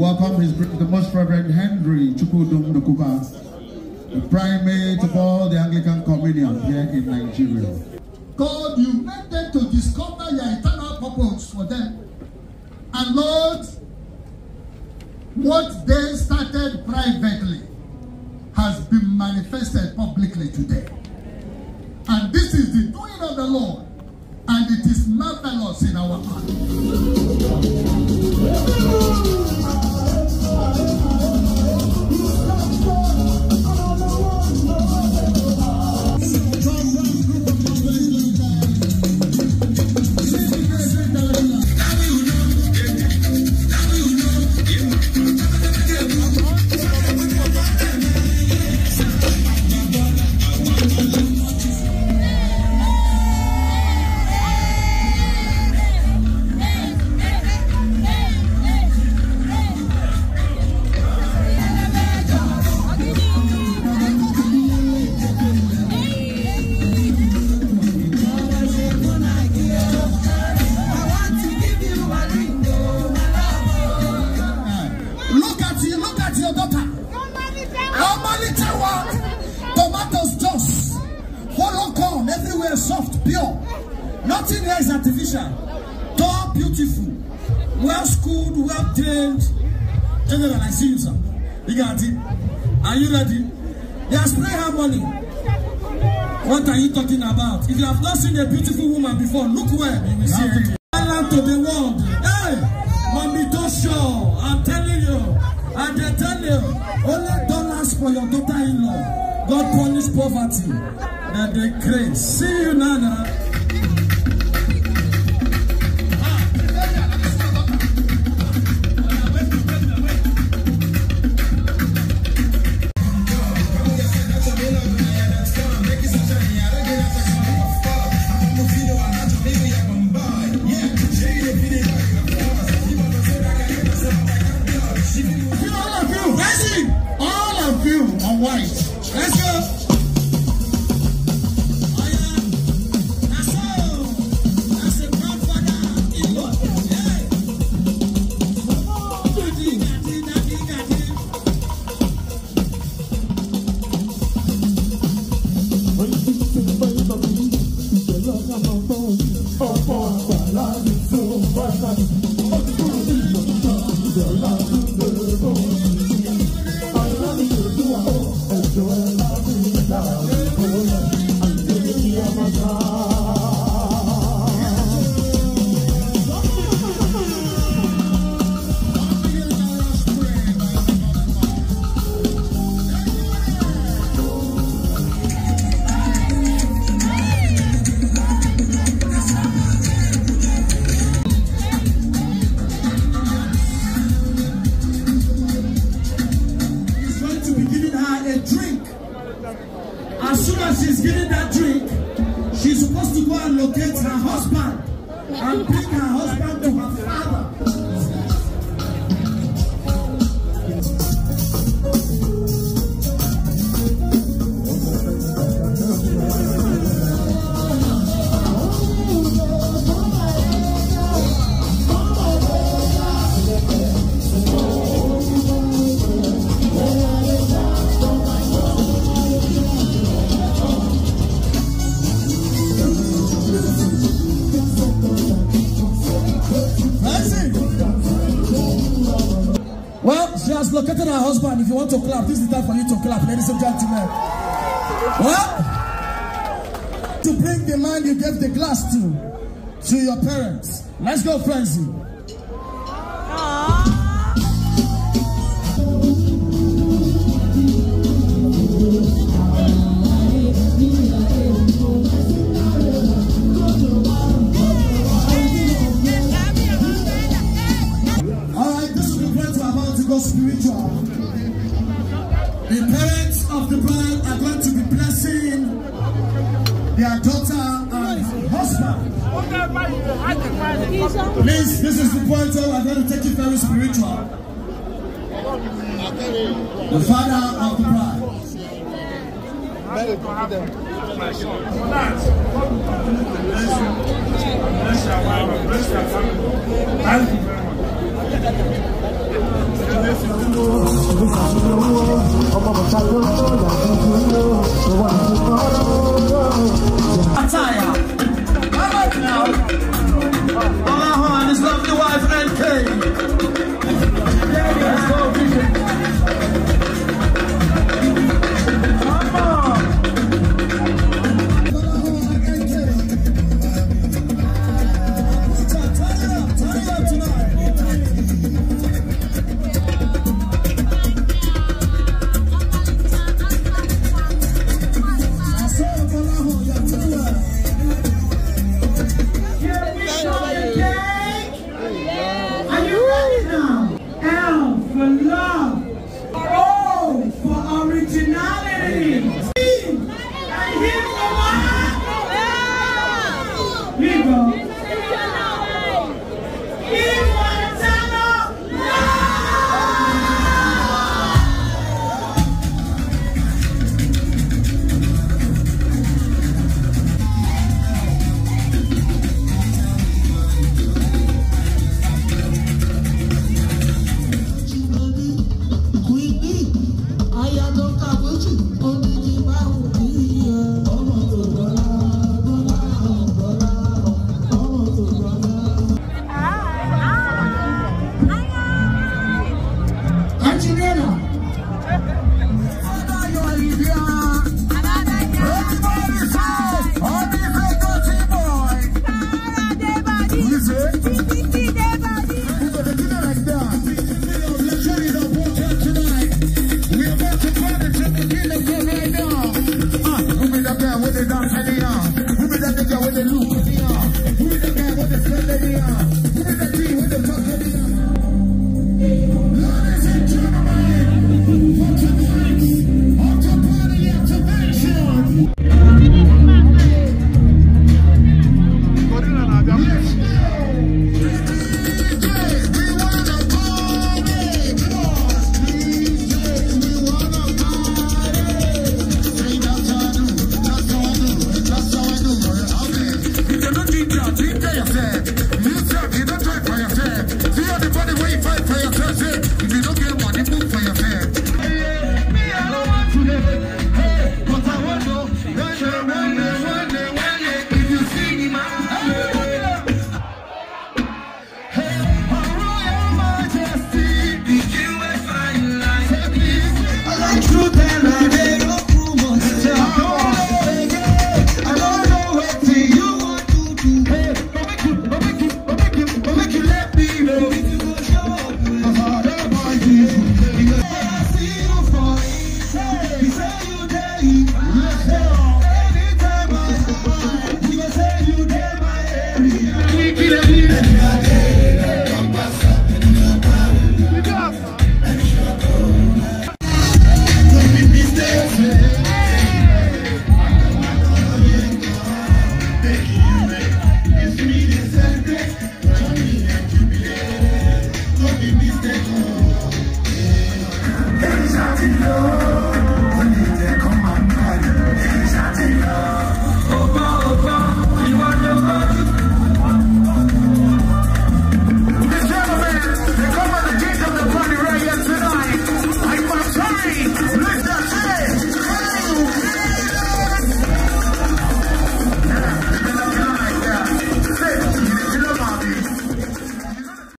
welcome His the Most Reverend Henry Chukudum Nukuba, the primate of all the Anglican Communion here in Nigeria. God, you meant them to discover your eternal purpose for them. And Lord, what they started privately has been manifested publicly today. And this is the doing of the Lord, and it is marvelous in our hearts. successful well schooled well trained General, I see you sir bigati are you ready they are spray harmony what are you talking about if you have not seen a beautiful woman before look well you will see her. island to the world hey mami tosho i'm telling you i dey tell you only dollars for your daughter-in-law god punish poverty na the craze see you nana. love. As soon as she's getting that drink, she's supposed to go and locate her husband and bring her husband to her father. Well, she has located her husband. If you want to clap, this is the time for you to clap, ladies and gentlemen. Well, to bring the man you gave the glass to, to your parents. Let's go, frenzy. their daughter and husband. Please, this is the point where I'm going to take it very spiritual. The father of the bride.